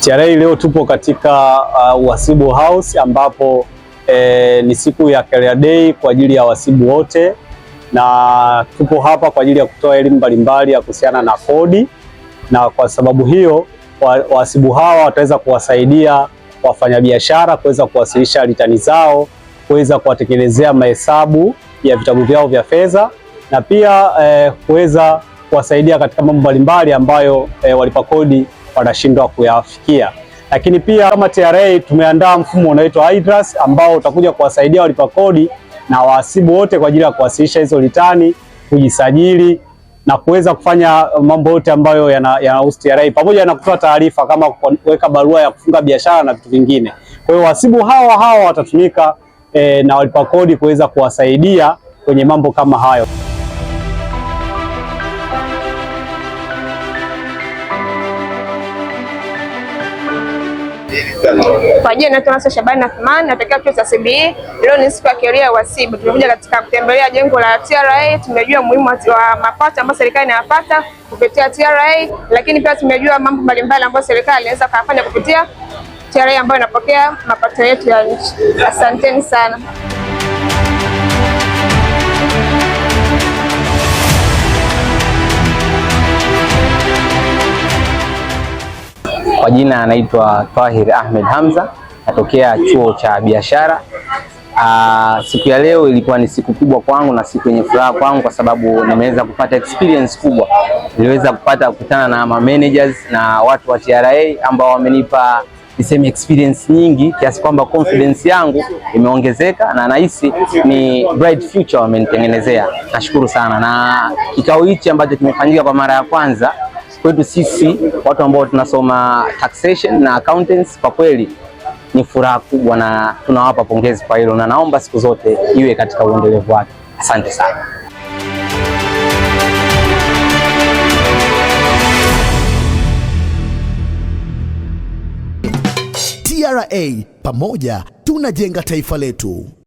TRA leo tupo katika uh, uhasibu house ambapo eh, ni siku ya career day kwa ajili ya wasibu wote, na tupo hapa kwa ajili ya kutoa elimu mbalimbali ya kuhusiana na kodi, na kwa sababu hiyo wasibu hawa wataweza kuwasaidia wafanyabiashara kuweza kuwasilisha ritani zao, kuweza kuwatengenezea mahesabu ya vitabu vyao vya fedha na pia eh, kuweza kuwasaidia katika mambo mbalimbali ambayo eh, walipa kodi wanashindwa kuyafikia. Lakini pia kama TRA tumeandaa mfumo unaoitwa IDRAS ambao utakuja kuwasaidia walipa kodi na wahasibu wote kwa ajili ya kuwasilisha hizo litani, kujisajili na kuweza kufanya mambo yote ambayo yanahusu yana TRA pamoja na kutoa taarifa kama kuweka barua ya kufunga biashara na vitu vingine. Kwa hiyo wasibu hawa hawa watatumika e, na walipa kodi kuweza kuwasaidia kwenye mambo kama hayo. Kwa jina naitwa Nasra Shabani Athman, natokea chuo cha CBE. Leo ni siku ya keria ya uhasibu, tumekuja katika kutembelea jengo la TRA. Tumejua muhimu wa mapato ambayo serikali inayapata kupitia TRA, lakini pia tumejua mambo mbalimbali ambayo serikali inaweza kufanya kupitia TRA ambayo inapokea mapato yetu ya nchi. Asanteni sana. Kwa jina anaitwa Tahir Ahmed Hamza, natokea chuo cha biashara. Aa, ah, siku ya leo ilikuwa ni siku kubwa kwangu na siku yenye furaha kwangu kwa sababu nimeweza kupata experience kubwa. Niliweza kupata kukutana na ma managers na watu wa TRA ambao wamenipa niseme experience nyingi kiasi kwamba confidence yangu imeongezeka na nahisi ni bright future wamenitengenezea. Nashukuru sana na kikao hichi ambacho kimefanyika kwa mara ya kwanza Kwetu sisi watu ambao tunasoma taxation na accountants, kwa kweli ni furaha kubwa na tunawapa pongezi kwa hilo, na naomba siku zote iwe katika uendelevu wake. Asante sana. TRA pamoja tunajenga taifa letu.